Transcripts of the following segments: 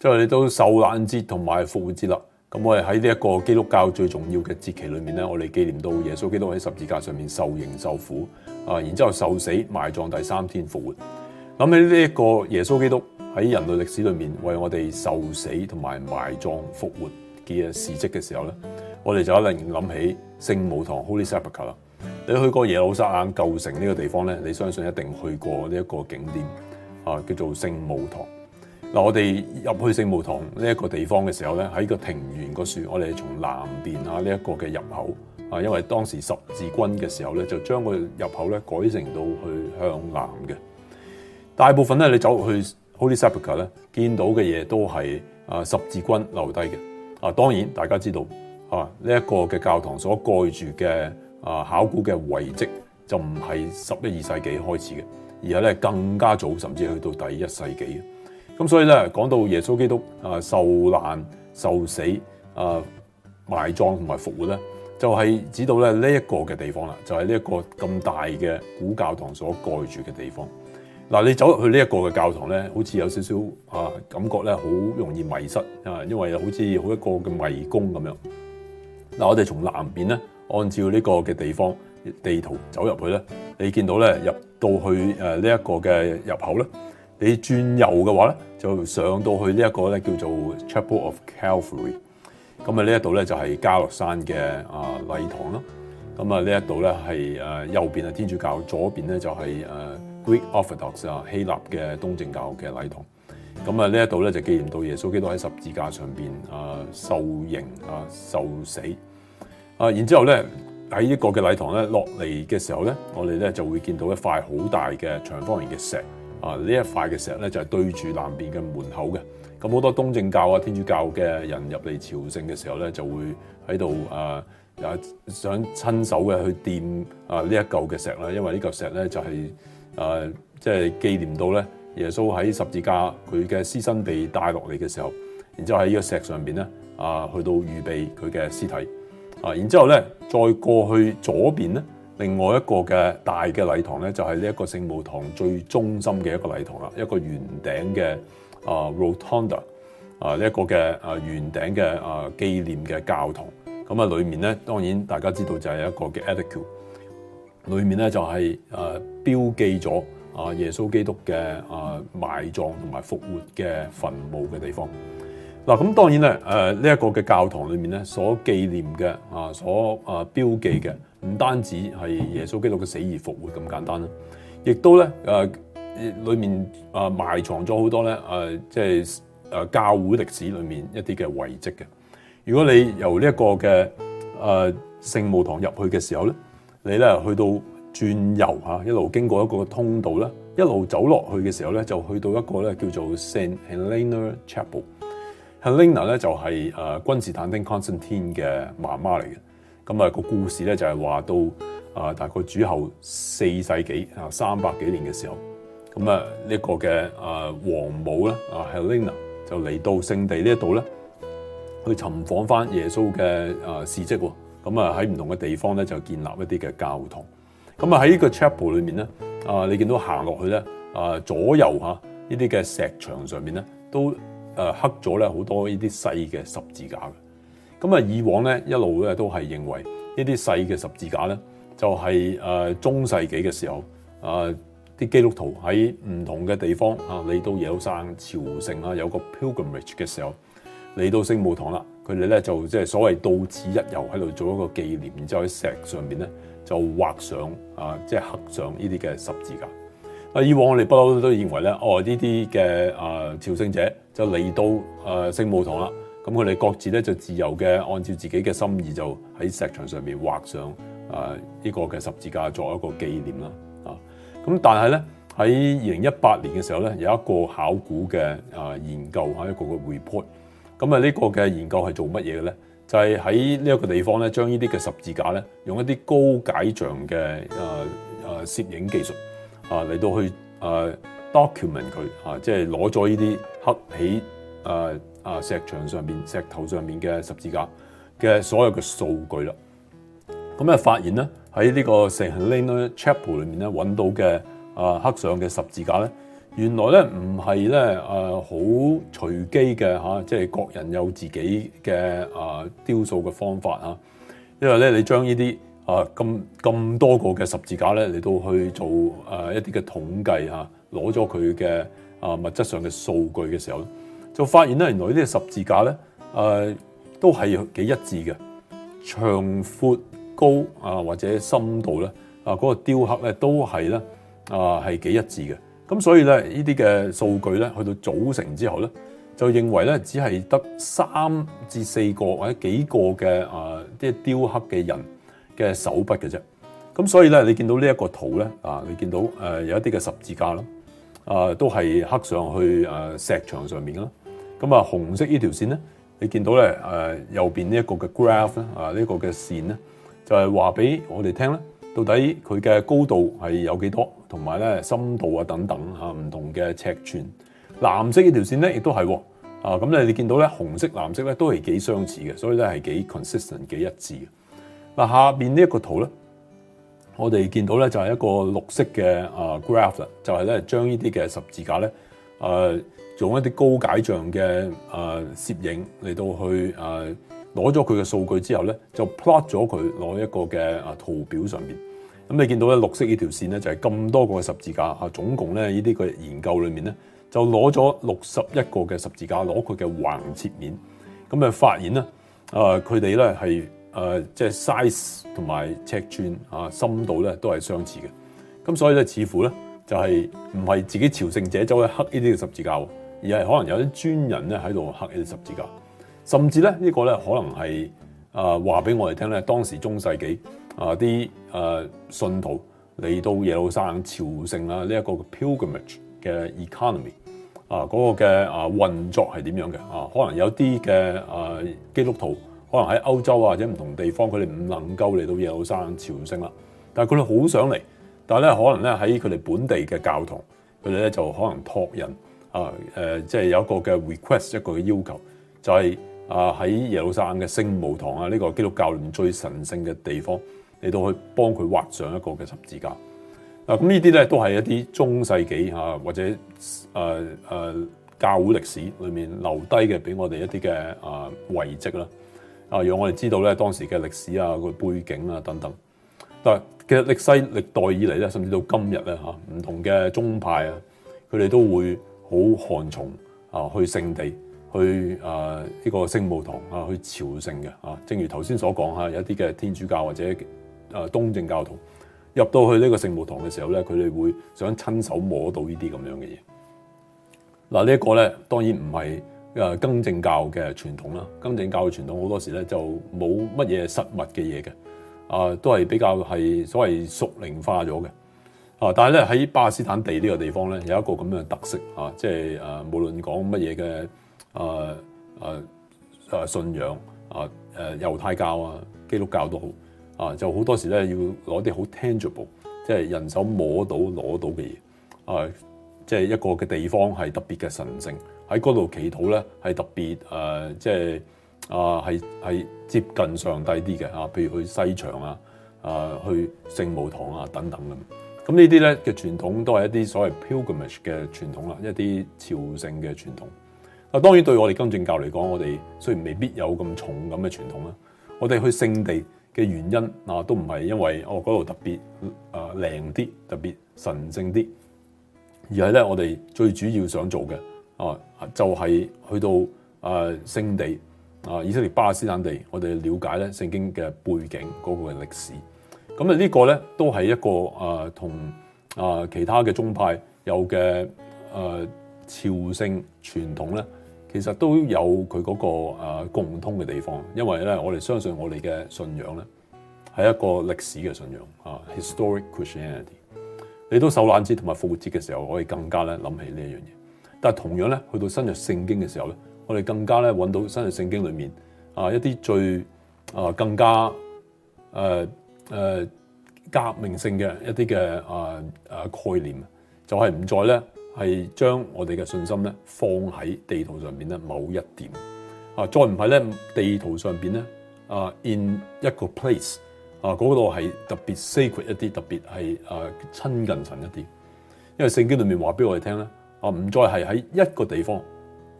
即係你都受難節同埋復活節啦，咁我哋喺呢一個基督教最重要嘅節期裏面咧，我哋紀念到耶穌基督喺十字架上面受刑受苦啊，然之後受死埋葬第三天復活。諗起呢一個耶穌基督喺人類歷史裏面為我哋受死同埋埋葬復活嘅事跡嘅時候咧，我哋就一定諗起聖墓堂 （Holy Sepulchre） 啦。你去過耶路撒冷舊城呢個地方咧，你相信一定去過呢一個景點啊，叫做聖墓堂。嗱，我哋入去聖墓堂呢一個地方嘅時候咧，喺個庭園個樹，我哋係從南邊啊呢一個嘅入口啊，因為當時十字軍嘅時候咧，就將個入口咧改成到去向南嘅。大部分咧，你走去 Holy Sepulchre 咧，見到嘅嘢都係啊十字軍留低嘅。啊，當然大家知道啊呢一個嘅教堂所蓋住嘅啊考古嘅遺跡，就唔係十一二世紀開始嘅，而係咧更加早，甚至去到第一世紀。咁所以咧，講到耶穌基督啊，受難、受死、啊埋葬同埋復活咧，就係指到咧呢一個嘅地方啦，就係呢一個咁大嘅古教堂所蓋住嘅地方。嗱，你走入去呢一個嘅教堂咧，好似有少少啊感覺咧，好容易迷失啊，因為好似好一個嘅迷宮咁樣。嗱，我哋從南邊咧，按照呢個嘅地方地圖走入去咧，你見到咧入到去誒呢一個嘅入口咧。你轉右嘅話咧，就上到去呢一個咧叫做 Chapel of Calvary，咁啊呢一度咧就係加略山嘅啊禮堂啦。咁啊呢一度咧係誒右邊係天主教，左邊咧就係誒 Greek Orthodox 啊希臘嘅東正教嘅禮堂。咁啊呢一度咧就見到耶穌基督喺十字架上邊啊受刑啊受死。啊然之後咧喺呢個嘅禮堂咧落嚟嘅時候咧，我哋咧就會見到一塊好大嘅長方形嘅石。啊！呢一塊嘅石咧就係對住南邊嘅門口嘅，咁好多東正教啊、天主教嘅人入嚟朝聖嘅時候咧，就會喺度啊，又、呃、想親手嘅去掂啊呢一嚿嘅石啦，因為呢嚿石咧就係、是、啊，即、呃、係、就是、紀念到咧耶穌喺十字架佢嘅屍身被帶落嚟嘅時候，然之後喺呢個石上邊咧啊，去到預備佢嘅屍體啊，然之後咧再過去左邊咧。另外一個嘅大嘅禮堂咧，就係呢一個聖墓堂最中心嘅一個禮堂啦，一個圓頂嘅啊 rotunda 啊呢一個嘅啊圓頂嘅啊紀念嘅教堂。咁啊，裏面咧當然大家知道就係一個嘅 edicule，裏面咧就係誒標記咗啊耶穌基督嘅啊埋葬同埋復活嘅墳墓嘅地方。嗱，咁當然咧誒呢一個嘅教堂裏面咧所紀念嘅啊所誒標記嘅。唔單止係耶穌基督嘅死而復活咁簡單啦，亦都咧誒裏面啊埋藏咗好多咧誒，即、啊、係、就是啊、教會歷史裏面一啲嘅遺跡嘅。如果你由呢一個嘅聖、啊、母堂入去嘅時候咧，你咧去到轉遊吓，一路經過一個通道咧，一路走落去嘅時候咧，就去到一個咧叫做 Saint Helena Chapel。Helena 咧就係、是、誒、啊、君士坦丁 Constantine 嘅媽媽嚟嘅。咁啊，個故事咧就係話到啊，大概主後四世紀啊，三百幾年嘅時候，咁啊呢個嘅啊王母咧啊，Helena 就嚟到聖地呢一度咧，去尋訪翻耶穌嘅啊事蹟。咁啊喺唔同嘅地方咧就建立一啲嘅教堂。咁啊喺呢個 chapel 裏面咧啊，你見到行落去咧啊左右吓呢啲嘅石牆上面咧都誒刻咗咧好多呢啲細嘅十字架嘅。咁啊，以往咧一路咧都係認為呢啲細嘅十字架咧，就係誒中世紀嘅時候，誒啲基督徒喺唔同嘅地方啊嚟到耶路撒冷朝聖啊，有個 pilgrimage 嘅時候嚟到聖墓堂啦，佢哋咧就即係所謂到此一遊，喺度做一個紀念，然之後喺石上面咧就畫上啊即係刻上呢啲嘅十字架。啊，以往我哋不嬲都認為咧，哦呢啲嘅誒朝聖者就嚟到誒聖墓堂啦。咁佢哋各自咧就自由嘅，按照自己嘅心意就喺石牆上邊畫上啊呢、呃這個嘅十字架作為一個紀念啦。啊，咁但係咧喺二零一八年嘅時候咧，有一個考古嘅啊、呃、研究嚇、啊、一個嘅 report、啊。咁啊呢個嘅研究係做乜嘢嘅咧？就係喺呢一個地方咧，將呢啲嘅十字架咧，用一啲高解像嘅啊啊攝影技術啊嚟到去啊 document 佢嚇，即係攞咗呢啲黑起。啊。啊啊！石牆上面、石頭上面嘅十字架嘅所有嘅數據啦，咁、嗯、啊發現咧喺呢在這個 Saint Helena Chapel 裏面咧揾到嘅啊刻上嘅十字架咧，原來咧唔係咧啊好隨機嘅嚇，即係、啊就是、各人有自己嘅啊雕塑嘅方法嚇、啊，因為咧你將呢啲啊咁咁多個嘅十字架咧，你到去做啊一啲嘅統計嚇，攞咗佢嘅啊，的啊物質上嘅數據嘅時候咧。就發現咧，原來呢啲十字架咧、呃，都係幾一致嘅，長、闊、高啊，或者深度咧，啊嗰、嗰個雕刻咧都係咧，啊係幾一致嘅。咁所以咧，數呢啲嘅數據咧，去到組成之後咧，就認為咧，只係得三至四個或者幾個嘅啊，即係雕刻嘅人嘅手筆嘅啫。咁所以咧，你見到呢一個圖咧，啊，你見到有一啲嘅十字架啦，啊都係刻上去、啊、石牆上面啦。咁啊，紅色呢條線咧，你見到咧，誒右邊呢一個嘅 graph 咧啊，呢個嘅線咧，就係話俾我哋聽咧，到底佢嘅高度係有幾多，同埋咧深度啊等等嚇唔同嘅尺寸。藍色呢條線咧，亦都係喎啊，咁咧你見到咧紅色、藍色咧都係幾相似嘅，所以咧係幾 consistent 幾一致嘅。嗱下邊呢一個圖咧，我哋見到咧就係一個綠色嘅啊 graph 啦，就係咧將呢啲嘅十字架咧誒。用一啲高解像嘅啊攝影嚟到去啊攞咗佢嘅數據之後咧，就 plot 咗佢攞一個嘅啊圖表上邊。咁、嗯、你見到咧綠色這條呢條線咧就係、是、咁多個的十字架啊，總共咧呢啲嘅、這個、研究裏面咧就攞咗六十一個嘅十字架攞佢嘅橫切面。咁、嗯、啊發現咧啊佢哋咧係啊即係、就是、size 同埋尺寸啊深度咧都係相似嘅。咁、嗯、所以咧似乎咧就係唔係自己朝聖者走去刻呢啲嘅十字架。而係可能有啲專人咧喺度刻一啲十字架，甚至咧呢個咧可能係啊話俾我哋聽咧。當時中世紀啊啲誒信徒嚟到耶路撒冷朝聖啦，呢一個 pilgrimage 嘅 economy 啊嗰個嘅啊運作係點樣嘅啊？可能有啲嘅誒基督徒可能喺歐洲或者唔同地方，佢哋唔能夠嚟到耶路撒冷朝聖啦，但係佢哋好想嚟，但係咧可能咧喺佢哋本地嘅教堂，佢哋咧就可能託人。啊，誒、呃，即係有一個嘅 request 一個嘅要求，就係、是、啊喺耶路撒冷嘅聖墓堂啊，呢、這個基督教聯最神聖嘅地方，嚟到去幫佢畫上一個嘅十字架。嗱、啊，咁呢啲咧都係一啲中世紀啊，或者誒誒、啊啊、教會歷史裏面留低嘅，俾我哋一啲嘅啊遺跡啦。啊，讓我哋知道咧當時嘅歷史啊個背景啊等等。但係其實歷世歷代以嚟咧，甚至到今日咧嚇唔同嘅宗派啊，佢哋、啊、都會。好寒崇啊！去聖地去啊呢、呢個聖母堂啊，去朝聖嘅啊，正如頭先所講嚇，有一啲嘅天主教或者啊東正教徒入到去呢個聖母堂嘅時候咧，佢哋會想親手摸到這些這、啊這個、呢啲咁樣嘅嘢。嗱呢一個咧，當然唔係誒更正教嘅傳統啦，更正教嘅傳統好多時咧就冇乜嘢實物嘅嘢嘅啊，都係比較係所謂屬靈化咗嘅。啊！但係咧，喺巴基斯坦地呢個地方咧，有一個咁樣嘅特色啊，即係誒、啊，無論講乜嘢嘅誒誒誒信仰啊，誒、啊、猶太教啊、基督教都好啊，就好多時咧要攞啲好 tangible，即係人手摸到攞到嘅嘢啊，即係一個嘅地方係特別嘅神聖，喺嗰度祈禱咧，係特別誒、啊，即係啊，係係接近上帝啲嘅嚇。譬如去西牆啊、啊去聖母堂啊等等咁。咁呢啲咧嘅傳統都係一啲所謂 pilgrimage 嘅傳統啦，一啲朝聖嘅傳統。啊，當然對我哋新正教嚟講，我哋雖然未必有咁重咁嘅傳統啦，我哋去聖地嘅原因啊，都唔係因為哦嗰度特別靚啲、特別神聖啲，而係咧我哋最主要想做嘅啊、呃，就係、是、去到聖、呃、地啊、呃，以色列巴勒斯坦地，我哋了解咧聖經嘅背景嗰、那個歷史。咁、這、啊、個！呢個咧都係一個啊，同、呃、啊其他嘅宗派有嘅啊、呃、朝聖傳統咧，其實都有佢嗰、那個、呃、共通嘅地方。因為咧，我哋相信我哋嘅信仰咧係一個歷史嘅信仰啊 （historic Christianity）。你都受難節同埋復活節嘅時候，我哋更加咧諗起呢一樣嘢。但係同樣咧，去到新約聖經嘅時候咧，我哋更加咧揾到新約聖經裡面啊一啲最啊、呃、更加誒。呃誒革命性嘅一啲嘅啊啊概念，就係、是、唔再咧係將我哋嘅信心咧放喺地圖上邊咧某一點啊，再唔係咧地圖上邊咧啊，in 一個 place 啊嗰度係特別 sacred 一啲，特別係啊親近神一啲，因為聖經裏面話俾我哋聽咧啊，唔再係喺一個地方，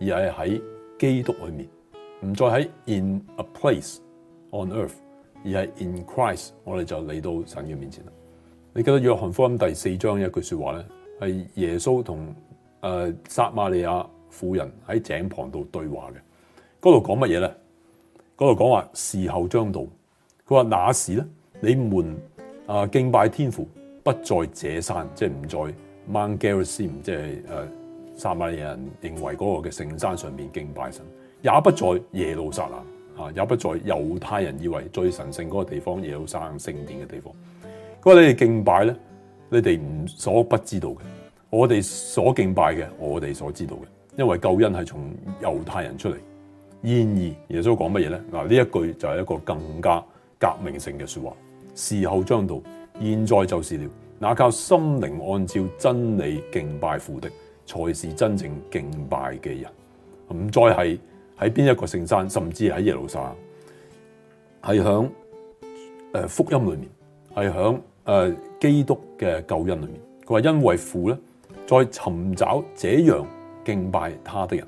而係喺基督裏面，唔再喺 in a place on earth。而係 in Christ，我哋就嚟到神嘅面前啦。你記得《約翰福音》第四章一句説話咧，係耶穌同誒撒瑪利亞婦人喺井旁度對話嘅。嗰度講乜嘢咧？嗰度講話事後將到，佢話那時咧，你們啊敬拜天父不在這山，即係唔在 Mount Gerizim，即係誒、呃、撒瑪利亞人認為嗰個嘅聖山上面敬拜神，也不在耶路撒冷。啊！也不在猶太人以為最神聖嗰個地方，有三聖殿嘅地方。不過你哋敬拜咧，你哋唔所不知道嘅。我哋所敬拜嘅，我哋所知道嘅。因為救恩係從猶太人出嚟。然而耶穌講乜嘢咧？嗱，呢一句就係一個更加革命性嘅説話。時候將到，現在就是了。那靠心靈按照真理敬拜父的，才是真正敬拜嘅人，唔再係。喺邊一個聖山，甚至係喺耶路撒冷，係響誒福音裏面，係響誒基督嘅救恩裏面。佢話，因為父咧，在尋找這樣敬拜他的人，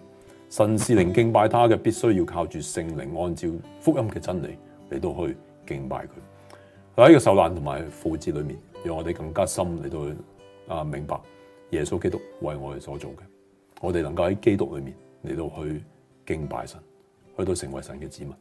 神是靈，敬拜他嘅，必須要靠住聖靈，按照福音嘅真理嚟到去敬拜佢。喺呢個受難同埋父子裏面，讓我哋更加深嚟到啊明白耶穌基督為我哋所做嘅，我哋能夠喺基督裏面嚟到去敬拜神，去到成為神嘅子民。